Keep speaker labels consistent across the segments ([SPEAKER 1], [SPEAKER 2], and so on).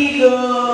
[SPEAKER 1] we go.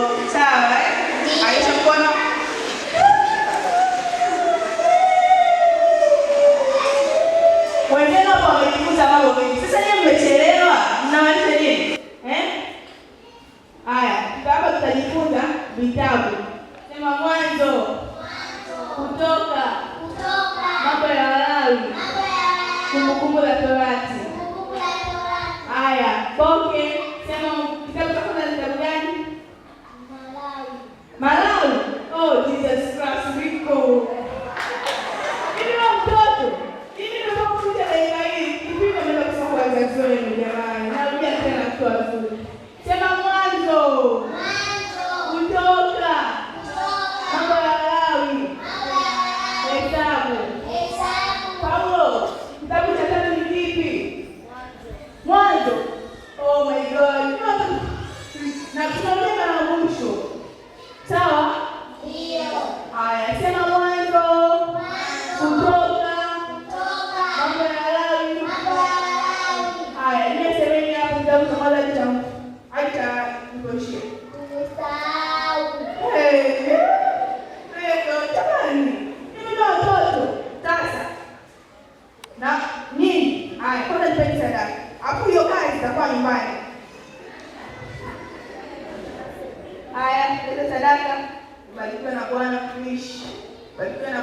[SPEAKER 1] lakini na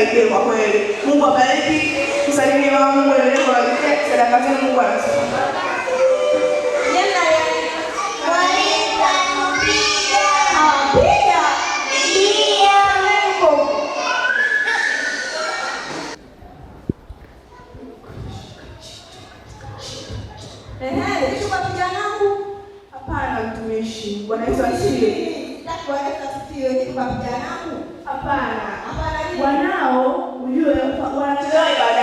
[SPEAKER 1] kipekee kwa kweli. Mungu abariki msalimie mama, Mungu endelee kwa sadaka zenu, Mungu anasikia. Hapana mtumishi, Bwana Yesu asifiwe. Kwa vijana wangu Hapana, hapana, wanao ujue wanatolewa ibada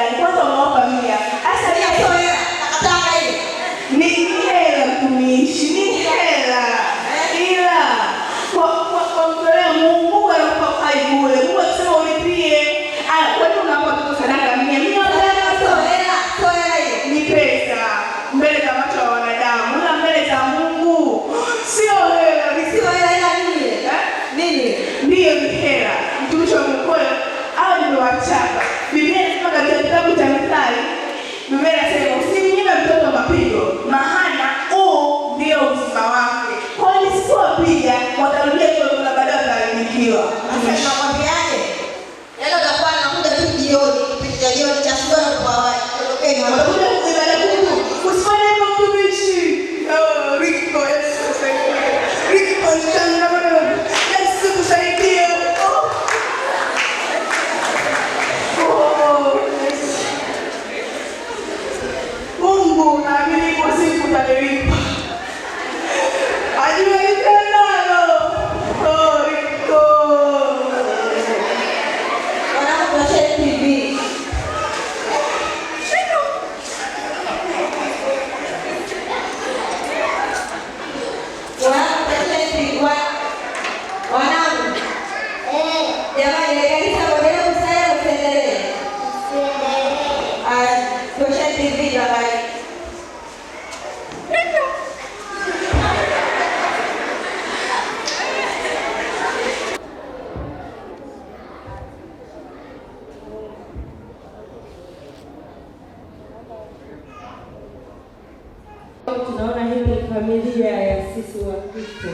[SPEAKER 1] Tunaona hili ni familia ya sisi wa Kristo.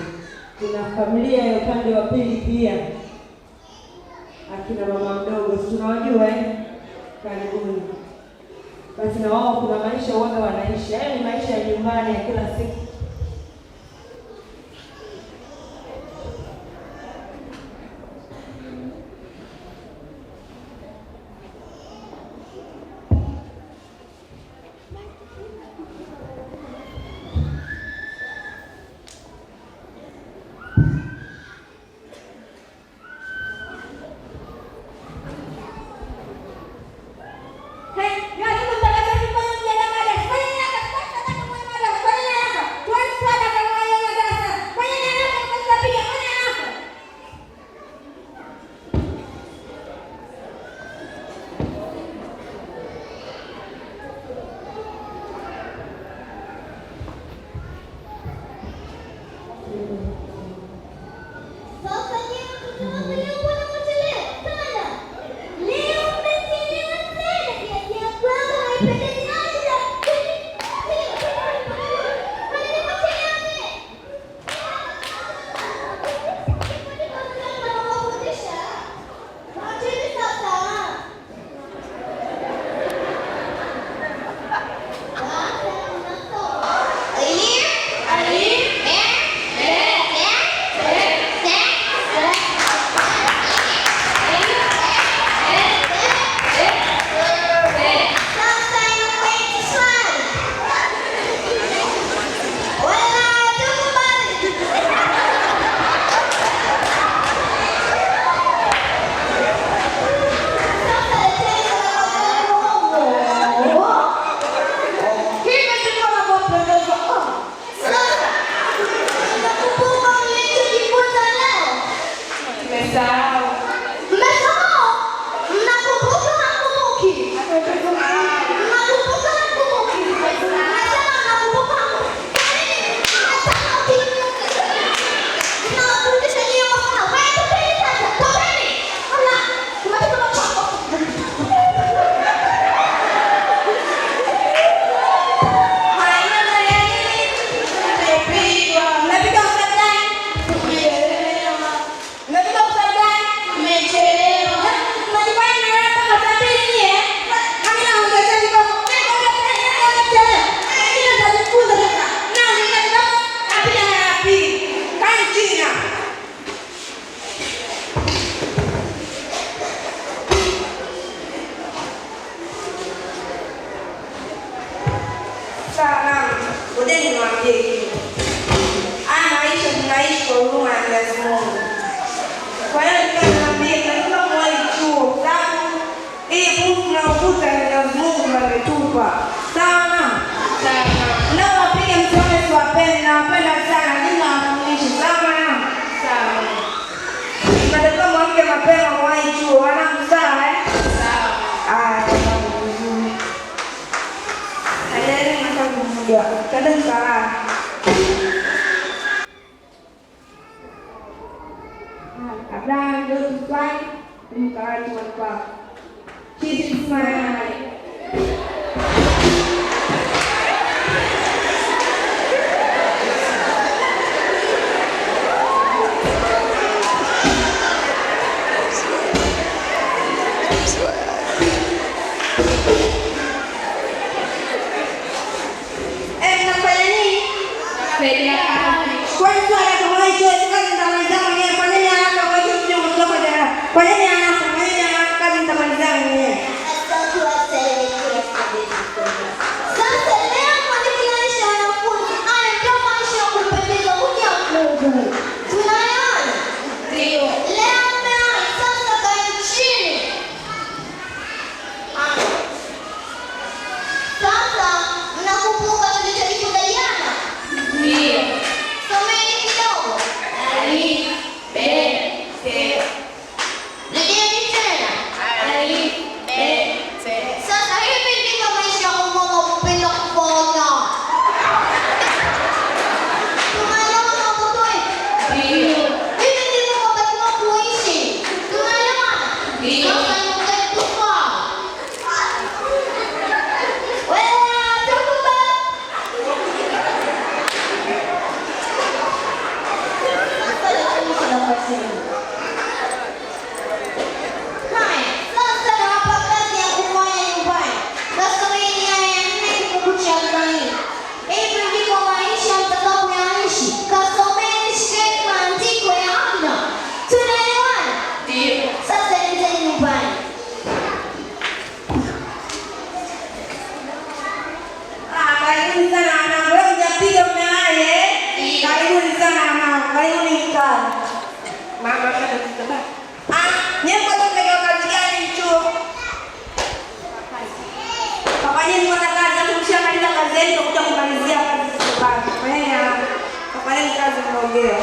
[SPEAKER 1] Kuna familia ya upande wa pili pia, akina mama mdogo, tunawajua eh? Karibuni basi, na wao kuna maisha wao wanaishi, yaani maisha ya nyumbani ya kila siku kutupa. Sawa na wapiga msome, siwapenda napenda sana jina wafundishi. Sawa na mwamke mapema, mwahi chuo wanangu. Sawa eh? ah, tadenkalaa Abraham Joseph White ni mkawati wa kwako. Keep it smiling. Karibuni sana mama, karibuni sana mama. Ah, nyie mko mtaka kazi gani chuo? Papa yenu ana kazi, atumshia maliza kazi yenu kuja kumalizia kazi. Papa yenu kazi mnaongea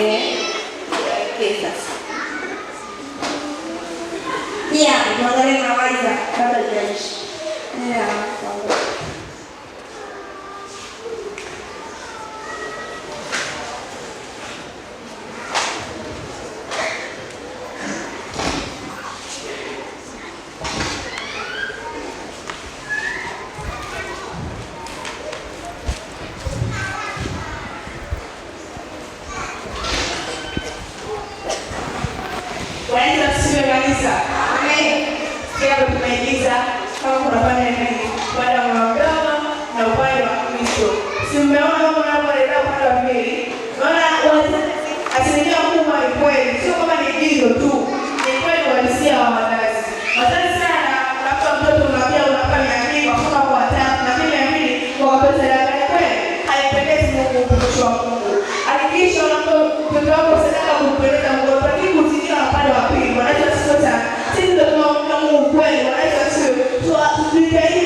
[SPEAKER 1] eh, si mmeona kuna hapo leta panda mbili